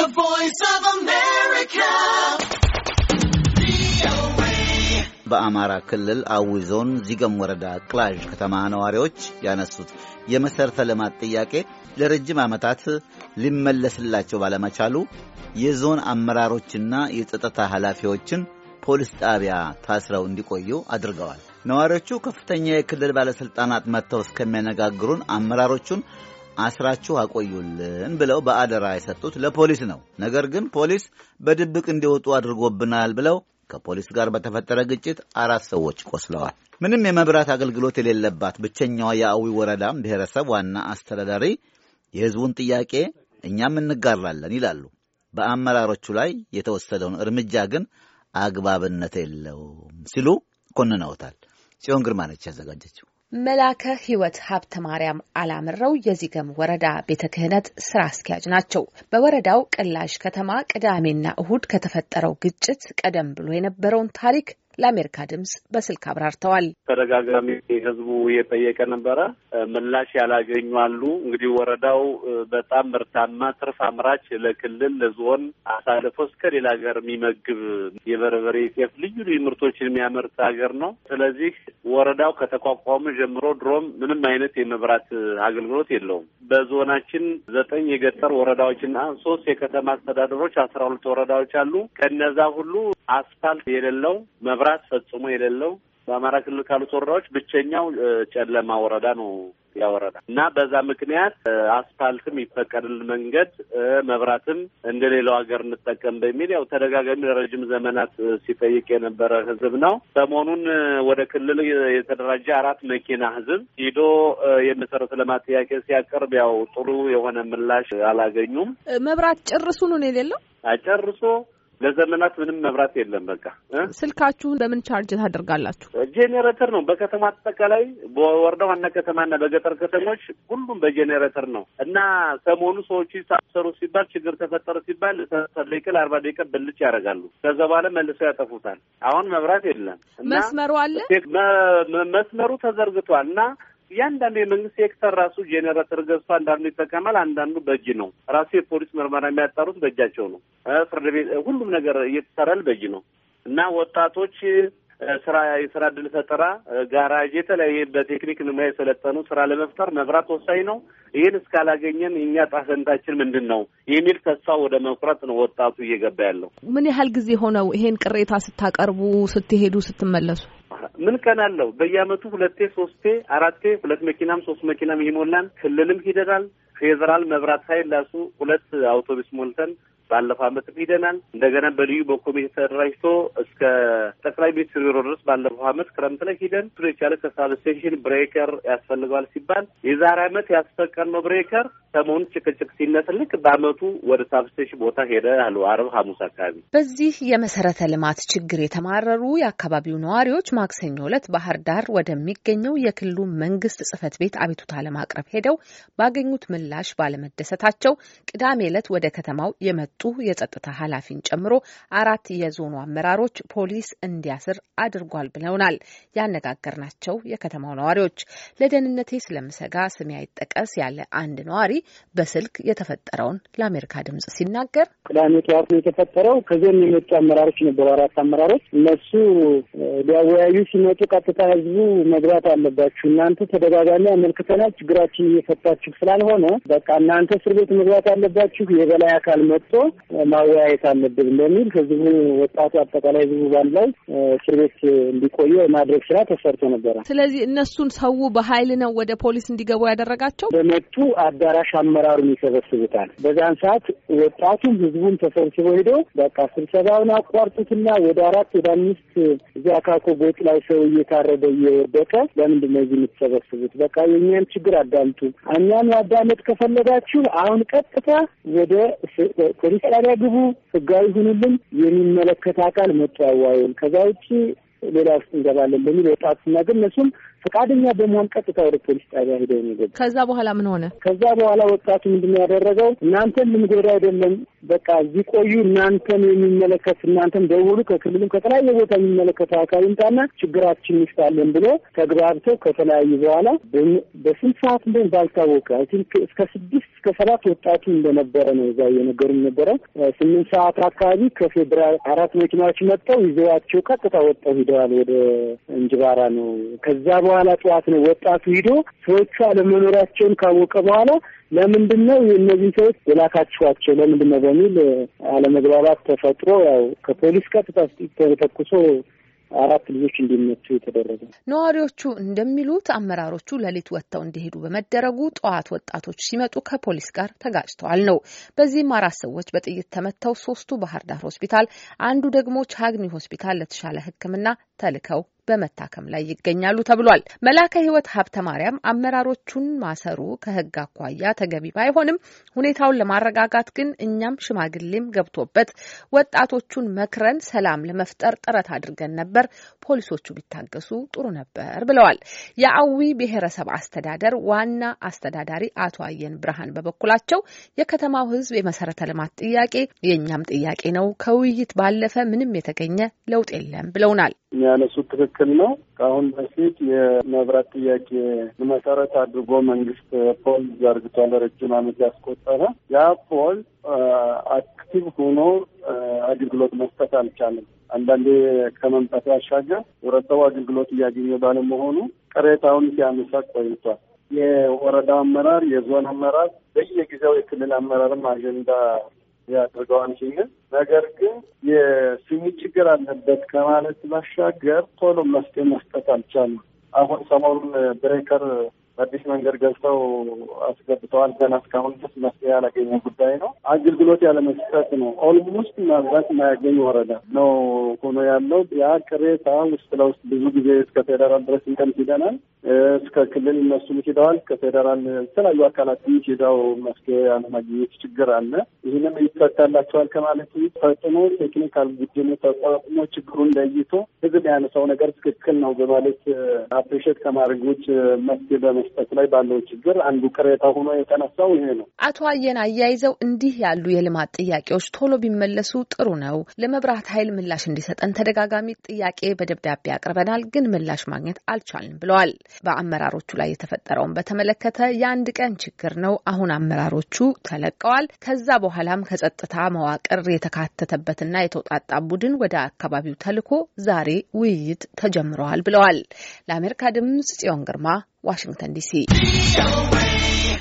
The Voice of America. በአማራ ክልል አዊ ዞን ዚገም ወረዳ ቅላዥ ከተማ ነዋሪዎች ያነሱት የመሠረተ ልማት ጥያቄ ለረጅም ዓመታት ሊመለስላቸው ባለመቻሉ የዞን አመራሮችና የጸጥታ ኃላፊዎችን ፖሊስ ጣቢያ ታስረው እንዲቆዩ አድርገዋል። ነዋሪዎቹ ከፍተኛ የክልል ባለሥልጣናት መጥተው እስከሚያነጋግሩን አመራሮቹን አስራችሁ አቆዩልን ብለው በአደራ የሰጡት ለፖሊስ ነው። ነገር ግን ፖሊስ በድብቅ እንዲወጡ አድርጎብናል ብለው ከፖሊስ ጋር በተፈጠረ ግጭት አራት ሰዎች ቆስለዋል። ምንም የመብራት አገልግሎት የሌለባት ብቸኛዋ የአዊ ወረዳም ብሔረሰብ ዋና አስተዳዳሪ የሕዝቡን ጥያቄ እኛም እንጋራለን ይላሉ። በአመራሮቹ ላይ የተወሰደውን እርምጃ ግን አግባብነት የለውም ሲሉ ኮንነውታል። ጽዮን ግርማ ነች ያዘጋጀችው። መላከ ሕይወት ሀብተ ማርያም አላምረው የዚገም ወረዳ ቤተ ክህነት ስራ አስኪያጅ ናቸው። በወረዳው ቅላሽ ከተማ ቅዳሜና እሁድ ከተፈጠረው ግጭት ቀደም ብሎ የነበረውን ታሪክ ለአሜሪካ ድምጽ በስልክ አብራርተዋል። ተደጋጋሚ ህዝቡ እየጠየቀ ነበረ፣ ምላሽ ያላገኙ አሉ። እንግዲህ ወረዳው በጣም ምርታማ ትርፍ አምራች ለክልል ለዞን አሳልፎ እስከ ሌላ ሀገር የሚመግብ የበርበሬ ጤፍ፣ ልዩ ልዩ ምርቶችን የሚያመርት ሀገር ነው። ስለዚህ ወረዳው ከተቋቋመ ጀምሮ ድሮም ምንም አይነት የመብራት አገልግሎት የለውም። በዞናችን ዘጠኝ የገጠር ወረዳዎችና ሶስት የከተማ አስተዳደሮች አስራ ሁለት ወረዳዎች አሉ። ከነዛ ሁሉ አስፋልት የሌለው መብራት ፈጽሞ የሌለው በአማራ ክልል ካሉት ወረዳዎች ብቸኛው ጨለማ ወረዳ ነው ያወረዳ እና በዛ ምክንያት አስፋልትም ይፈቀድል መንገድ መብራትም እንደ ሀገር እንጠቀም በሚል ያው ተደጋጋሚ ለረጅም ዘመናት ሲጠይቅ የነበረ ህዝብ ነው። ሰሞኑን ወደ ክልል የተደራጀ አራት መኪና ህዝብ ሂዶ የመሰረተ ልማት ጥያቄ ሲያቀርብ ያው ጥሩ የሆነ ምላሽ አላገኙም። መብራት ጭርሱን ነው የሌለው አጨርሶ ለዘመናት ምንም መብራት የለም። በቃ ስልካችሁን በምን ቻርጅ ታደርጋላችሁ? ጄኔሬተር ነው። በከተማ አጠቃላይ በወረዳ ዋና ከተማና በገጠር ከተሞች ሁሉም በጄኔሬተር ነው እና ሰሞኑ ሰዎች ታሰሩ ሲባል ችግር ተፈጠረ ሲባል ሰላሳ ደቂቃ አርባ ደቂቃ ብልጭ ያደርጋሉ። ከዛ በኋላ መልሰው ያጠፉታል። አሁን መብራት የለም። መስመሩ አለ መስመሩ ተዘርግቷል እና እያንዳንዱ የመንግስት ሴክተር ራሱ ጄኔሬተር ገዝቶ አንዳንዱ ይጠቀማል፣ አንዳንዱ በእጅ ነው። ራሱ የፖሊስ ምርመራ የሚያጣሩት በእጃቸው ነው። ፍርድ ቤት ሁሉም ነገር እየተሰራል በእጅ ነው እና ወጣቶች ስራ የስራ እድል ፈጠራ፣ ጋራጅ፣ የተለያየ በቴክኒክ ንማ የሰለጠኑ ስራ ለመፍጠር መብራት ወሳኝ ነው። ይህን እስካላገኘን የእኛ ዕጣ ምንድን ነው የሚል ተስፋ ወደ መቁረጥ ነው ወጣቱ እየገባ ያለው። ምን ያህል ጊዜ ሆነው ይሄን ቅሬታ ስታቀርቡ ስትሄዱ ስትመለሱ? ምን ቀን አለው? በየአመቱ ሁለቴ ሶስቴ አራቴ ሁለት መኪናም ሶስት መኪናም ይሞላን። ክልልም ሂደናል። ፌዴራል መብራት ኃይል ላሱ ሁለት አውቶቡስ ሞልተን ባለፈው አመትም ሂደናል። እንደገና በልዩ በኮሚቴ ተደራጅቶ እስከ ጠቅላይ ሚኒስትር ቢሮ ድረስ ባለፈው አመት ክረምት ላይ ሂደን እሱን የቻለ ከሳብስቴሽን ብሬከር ያስፈልገዋል ሲባል የዛሬ አመት ያስፈቀድነው ብሬከር ሰሞኑን ጭቅጭቅ ሲነስ ልክ በአመቱ ወደ ሳብስቴሽን ቦታ ሄደ አሉ። አርብ ሐሙስ አካባቢ በዚህ የመሰረተ ልማት ችግር የተማረሩ የአካባቢው ነዋሪዎች ማክሰኞ ዕለት ባህር ዳር ወደሚገኘው የክልሉ መንግስት ጽህፈት ቤት አቤቱታ ለማቅረብ ሄደው ባገኙት ምላሽ ባለመደሰታቸው ቅዳሜ ዕለት ወደ ከተማው የመጡ የወጡ የጸጥታ ኃላፊን ጨምሮ አራት የዞኑ አመራሮች ፖሊስ እንዲያስር አድርጓል ብለውናል ያነጋገርናቸው የከተማው ነዋሪዎች። ለደህንነቴ ስለምሰጋ ስሜ አይጠቀስ ያለ አንድ ነዋሪ በስልክ የተፈጠረውን ለአሜሪካ ድምጽ ሲናገር ቅዳሜ ጠዋት የተፈጠረው። ከዞን የመጡ አመራሮች ነበሩ፣ አራት አመራሮች። እነሱ ሊያወያዩ ሲመጡ ቀጥታ ህዝቡ መግባት አለባችሁ፣ እናንተ ተደጋጋሚ አመልክተናል፣ ችግራችን እየፈታችሁ ስላልሆነ በቃ እናንተ እስር ቤት መግባት አለባችሁ። የበላይ አካል መጥቶ ማወያየት አለብን በሚል ህዝቡ ወጣቱ አጠቃላይ ህዝቡ ባለው ላይ እስር ቤት እንዲቆዩ የማድረግ ስራ ተሰርቶ ነበረ። ስለዚህ እነሱን ሰው በሀይል ነው ወደ ፖሊስ እንዲገቡ ያደረጋቸው። በመቱ አዳራሽ አመራሩን ይሰበስቡታል። በዛን ሰዓት ወጣቱም ህዝቡም ተሰብስቦ ሄዶ በቃ ስብሰባውን አቋርጡትና ወደ አራት ወደ አምስት እዚህ አካኮ ጎጥ ላይ ሰው እየታረደ እየወደቀ ለምንድን ነው እዚህ የምትሰበስቡት? በቃ የእኛን ችግር አዳምጡ። እኛን ማዳመጥ ከፈለጋችሁ አሁን ቀጥታ ወደ ፖሊስ ቃዳ ግቡ ህጋዊ ሁኑልን የሚመለከት አካል መጡ ያዋዩን ከዛ ውጭ ሌላ ውስጥ እንገባለን በሚል ወጣት ስናገር እነሱም ፈቃደኛ በመሆን ቀጥታ ወደ ፖሊስ ጣቢያ ሄደው ነው የገቡ። ከዛ በኋላ ምን ሆነ? ከዛ በኋላ ወጣቱ ምንድን ነው ያደረገው? እናንተን ልንጎዳ አይደለም፣ በቃ እዚህ ቆዩ፣ እናንተን የሚመለከት እናንተን ደውሉ፣ ከክልልም ከተለያየ ቦታ የሚመለከተው አካል ይምጣና ችግራችን እንፍታለን ብሎ ተግባብተው ከተለያዩ በኋላ በስንት ሰዓት እንደሆነ ባልታወቀ አይ ቲንክ እስከ ስድስት እስከ ሰባት ወጣቱ እንደነበረ ነው እዛ እየነገሩ ነበረ። ስምንት ሰዓት አካባቢ ከፌዴራል አራት መኪናዎች መጥተው ይዘዋቸው ቀጥታ ወጣው ሂደዋል። ወደ እንጅባራ ነው። ከዛ በኋላ ጠዋት ነው ወጣቱ ሂዶ ሰዎቹ አለመኖሪያቸውን ካወቀ በኋላ ለምንድን ነው እነዚህ ሰዎች የላካችኋቸው ለምንድን ነው በሚል አለመግባባት ተፈጥሮ ያው ከፖሊስ ቀጥታ ተተኩሶ አራት ልጆች እንዲመቱ የተደረገ። ነዋሪዎቹ እንደሚሉት አመራሮቹ ሌሊት ወጥተው እንዲሄዱ በመደረጉ ጠዋት ወጣቶች ሲመጡ ከፖሊስ ጋር ተጋጭተዋል ነው። በዚህም አራት ሰዎች በጥይት ተመተው ሶስቱ ባህር ዳር ሆስፒታል፣ አንዱ ደግሞ ቻግኒ ሆስፒታል ለተሻለ ሕክምና ተልከው በመታከም ላይ ይገኛሉ ተብሏል። መላከ ሕይወት ሀብተ ማርያም አመራሮቹን ማሰሩ ከሕግ አኳያ ተገቢ ባይሆንም ሁኔታውን ለማረጋጋት ግን እኛም ሽማግሌም ገብቶበት ወጣቶቹን መክረን ሰላም ለመፍጠር ጥረት አድርገን ነበር። ፖሊሶቹ ቢታገሱ ጥሩ ነበር ብለዋል። የአዊ ብሔረሰብ አስተዳደር ዋና አስተዳዳሪ አቶ አየን ብርሃን በበኩላቸው የከተማው ሕዝብ የመሰረተ ልማት ጥያቄ የእኛም ጥያቄ ነው። ከውይይት ባለፈ ምንም የተገኘ ለውጥ የለም ብለውናል። የሚያነሱት ትክክል ነው። ከአሁን በፊት የመብራት ጥያቄ መሰረት አድርጎ መንግስት ፖል ዘርግቷል። ረጅም ዓመት ያስቆጠረ ያ ፖል አክቲቭ ሆኖ አገልግሎት መስጠት አልቻለም። አንዳንዴ ከመምጣት ባሻገር ህብረተሰቡ አገልግሎት እያገኘ ባለመሆኑ ቅሬታውን ሲያነሳ ቆይቷል። የወረዳ አመራር፣ የዞን አመራር፣ በየጊዜው የክልል አመራርም አጀንዳ ያደርገዋል ሲል ነገር ግን የስሜት ችግር አለበት ከማለት ባሻገር ቶሎ መፍትሄ መስጠት አልቻለም። አሁን ሰሞኑን ብሬከር አዲስ መንገድ ገብተው አስገብተዋል። ገና እስካሁን ድረስ መፍትሄ ያላገኘ ጉዳይ ነው። አገልግሎት ያለመስጠት ነው። ኦልሞስት ምናልባት የማያገኝ ወረዳ ነው ሆኖ ያለው። ያ ቅሬታ ውስጥ ለውስጥ ብዙ ጊዜ እስከ ፌደራል ድረስ እንቀም ሂደናል። እስከ ክልል እነሱም ሂደዋል። ከፌደራል የተለያዩ አካላት ሂደው መፍትሄ ያለማግኘት ችግር አለ። ይህንም ይፈታላቸዋል ከማለት ፈጥኖ ቴክኒካል ቡድኑ ተቋቁሞ ችግሩን ለይቶ ህዝብ ያነሳው ነገር ትክክል ነው በማለት አፕሪሼት ከማድረግ ውጭ መፍትሄ በመስ በመስጠት ላይ ባለው ችግር አንዱ ቅሬታ ሆኖ የተነሳው ይሄ ነው። አቶ አየን አያይዘው እንዲህ ያሉ የልማት ጥያቄዎች ቶሎ ቢመለሱ ጥሩ ነው። ለመብራት ኃይል ምላሽ እንዲሰጠን ተደጋጋሚ ጥያቄ በደብዳቤ አቅርበናል፣ ግን ምላሽ ማግኘት አልቻልም ብለዋል። በአመራሮቹ ላይ የተፈጠረውን በተመለከተ የአንድ ቀን ችግር ነው። አሁን አመራሮቹ ተለቀዋል። ከዛ በኋላም ከጸጥታ መዋቅር የተካተተበትና የተውጣጣ ቡድን ወደ አካባቢው ተልኮ ዛሬ ውይይት ተጀምረዋል ብለዋል። ለአሜሪካ ድምጽ ጽዮን ግርማ ዋሽንግተን ዲሲ